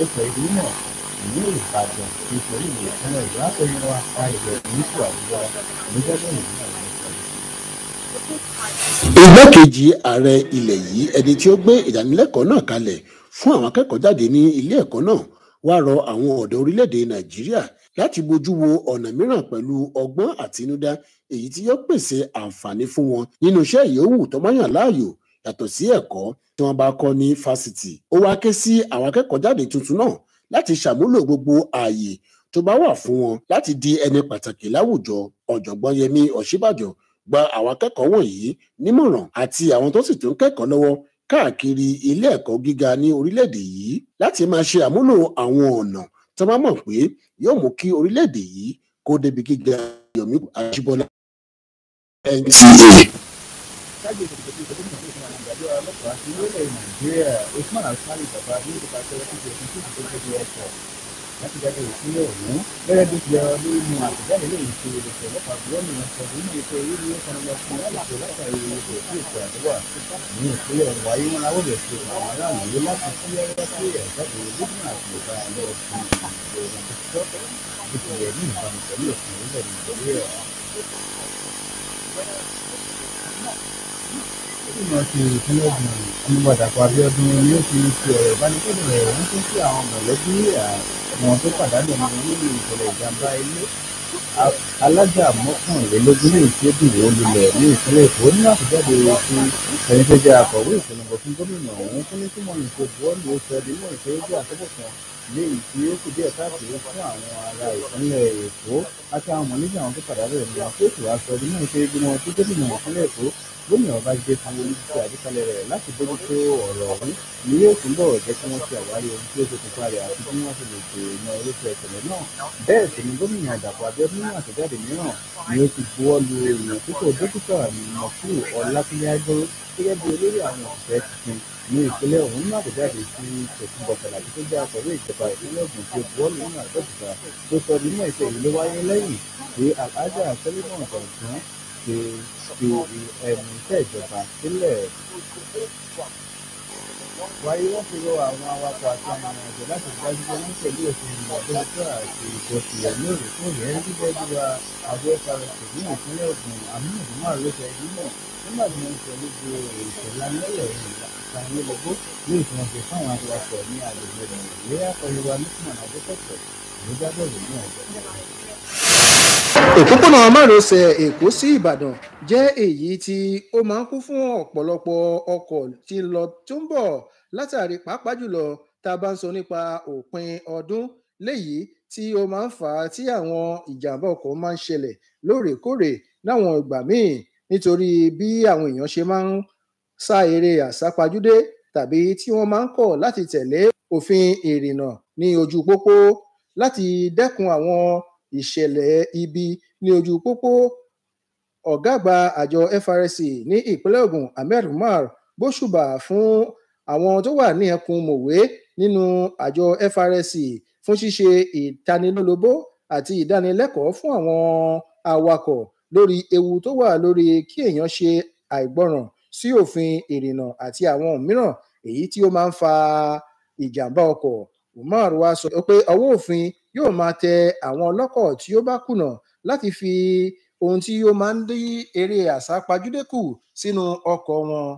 lẹ́kọ̀ọ́ ìlú náà ìlú ìbàdàn nítorí ìlànà ìwádìí wa ayọ̀ nípò àdúrà nígbàdàn ìlú náà igbákejì ààrẹ ilẹ̀ yìí ẹni tí ó gbé ìdánilẹ́kọ̀ọ́ náà kalẹ̀ fún àwọn akẹ́kọ̀ọ́ jáde ní ilé ẹ̀kọ́ náà wá rọ àwọn ọ̀dọ́ orílẹ̀-èdè nàìjíríà láti bójú wo ọ̀nà mìíràn pẹ̀lú ọgbọ́n àtinúdá èyí tí yóò pèsè àǹfààní fún wọn nínú iṣẹ́ ìyówù tó láàyò yàtọ̀ sí ẹ̀kọ́ tí wọ́n bá kọ́ ní fásitì ó wá ké sí àwọn akẹ́kọ̀ọ́ jáde tuntun náà láti ṣàmúlò gbogbo ààyè tó bá wà fún wọn láti di ẹni pàtàkì láwùjọ ọ̀jọ̀gbọ́n Yẹmí Ọ̀ṣínbàjò gba àwọn akẹ́kọ̀ọ́ wọ̀nyí nímọ̀ràn àti àwọn tó sì tún kẹ́kọ̀ọ́ lọ́wọ́ káàkiri ilé ẹ̀kọ́ gíga ní orílẹ̀-èdè yìí láti máa ṣe àmúlò àwọn ọ̀nà tó bá mọ̀ pé yóò mú kí orílẹ̀-èdè yìí kó débi gíga Yomi Ajibola NTA kájọ ìdìbò tó ìdìbò náà fún àgbàdo ọlọ́pàá ti lélẹ̀ nàìjíríà usman alfani bàbá ní ìdìbàjọ ẹgbẹ́ tó ti tó ti ẹ̀kọ́ láti jáde ìpínlẹ̀ ọ̀hún gẹ́gẹ́ bí ti ọ̀rọ̀ lórí mu àtẹ̀jáde lè ṣe ìrẹsẹ̀ ọlọ́pàá gọ́ọ̀mù ọ̀sẹ̀ nínú ètò ìlú ìfọ̀nàmọ́ fún ọlọ́pàá látàrí ètò tí ètò àdúrà ní ìpínlẹ̀ ọ̀hún wáyé wọn láwọn lè ṣe àwọn aráàlú yé láti sí ẹgbẹ́ sí ẹ̀jáde lókun àti ìgbà lọ sí ìpínlẹ̀ ní ìbámu pẹ̀lú òfin orílẹ̀ nàìjíríà gómìnà ìpínlẹ̀ Ògùn Ọ̀nùbà Dàpọ̀ ni ó fi ti ọ̀rọ̀ ìbánikẹ́dùn rẹ̀ ránṣẹ́ sí àwọn mọ̀lẹ́bí àwọn tó pàdánù ẹni nínú ìṣẹ̀lẹ̀ ìjàmbá ilé alájà mọ́kànlélógún lè tí ó ní ìpínlẹ̀ Èkó nínú àtẹ̀jáde ti ẹni tó jẹ́ akọ̀wé ìpolongo fún gómìnà ọ̀hún Kúnlé Ṣómọ̀yìn kò buwọ́lù ó sọ ẹni mọ́ ìṣẹ́jú àtọ́bọ̀tán ní ìdí ó kù díẹ̀ káàkiri fún àwọn ará ìpínlẹ̀ èkó àti àwọn mọ̀lẹ́bí àwọn tó padà bẹ̀rẹ̀ nígbà tó ètò aṣọ ọdún náà ṣe gbọmọ tó gómìnà ìpínlẹ̀ èkó gómìnà Babájídé Sanwó-Olú ti àgbékalẹ̀ rẹ̀ láti bójú tó ọ̀rọ̀ ọ̀hún ni yóò túnbọ̀ jẹ́ kí wọ́n ṣe àwárí ohun tí ó ṣe tuntun rẹ̀ àti bí wọ́n ṣe lè dènà irúfẹ́ ìṣẹ̀lẹ̀ náà bẹ́ẹ̀ sì ni gómìnà Dàpọ̀ Abíọ́dún ní àtẹ̀jáde mìíràn ni ó ti buwọ́ lu èèyàn púpọ̀ dókítà Mọ̀kú Ọlákúnlé Ágbóró gẹ́gẹ́ bí olórí àwọn òṣìṣẹ́ tuntun ní ìpínlẹ̀ ọ̀hún nínú àtẹ̀jáde tí tòkunbọ̀ Fàlàbí tó jẹ́ akọ̀wé ìjọba ìpínlẹ̀ Ògùn tí ó buwọ́lù nínú àbẹ́òkúta tó sọ di mímọ̀ ìṣẹ̀lẹ̀ ló wáyé lẹ́yìn tí alhaja Solomon Ọ̀dùn ṣe fi ẹnu iṣẹ́ ìjọba sílẹ̀ wáyé wọ́n fi rọ àwọn awakọ̀ àti àwọn àjọ láti dájú pé wọ́n tẹ̀lé òfin ìmọ̀tòlótò àti ìbọ̀sùwẹ̀ lóòrèkóòrè ẹni gẹ́gẹ́ bí wa àjọ frs ní ìpínlẹ̀ Ògùn amúnàdúnmáà ló fẹ́ yín náà nígbà tí wọ́n ń sọ sanwó-ológo ní ìfihànṣe fáwọn awakọ̀ ní agbègbè nàìjíríà pẹ̀lú amísùnmọ̀ adékọ̀tọ̀ ló jábọ̀rọ̀ ní ọ̀jọ̀. òpópónà márosẹ̀ èkó sí ìbàdàn jẹ́ èyí tí ó máa ń kún fún ọ̀pọ̀lọpọ̀ ọkọ̀ tí ń lọ tó ń bọ̀ látàrí pàápàá jùlọ tá a bá ń sọ nípa òpin ọdún léyìí tí ó máa ń fà á tí àwọn ìjàmbá ọkọ̀ máa ń ṣẹlẹ̀ lóòrèkóòrè láwọn ìgbà míì nítorí bí àwọn èèyàn ṣe máa ń sa eré àsápajúdé tàbí tí wọ́n máa ń kọ̀ láti tẹ̀lé òfin ìrìnnà ní ojú pópó láti dẹ́kun àwọn ìṣẹ̀lẹ̀ ibi ní ojú pópó ọ̀gá àgbà àjọ FRSC ní ìpínlẹ̀ Ògùn Ahmed Umar bó ṣùbà fún àwọn tó wà ní ẹkùn mòwe nínú àjọ FRSC fún ṣíṣe ìtanilólobó àti ìdánilẹ́kọ̀ọ́ fún àwọn awakọ̀ lórí ewu tó wà lórí kí èèyàn ṣe àìgbọràn sí òfin ìrìnnà àti àwọn mìíràn èyí tí ó máa ń fa ìjàmbá ọkọ̀ umar wá sọ pé ọwọ́ òfin yóò máa tẹ àwọn ọlọ́kọ̀ tí ó bá kùnà láti fi ohun tí ó máa ń dí eré àsápajúdé kù sínú ọkọ̀ wọn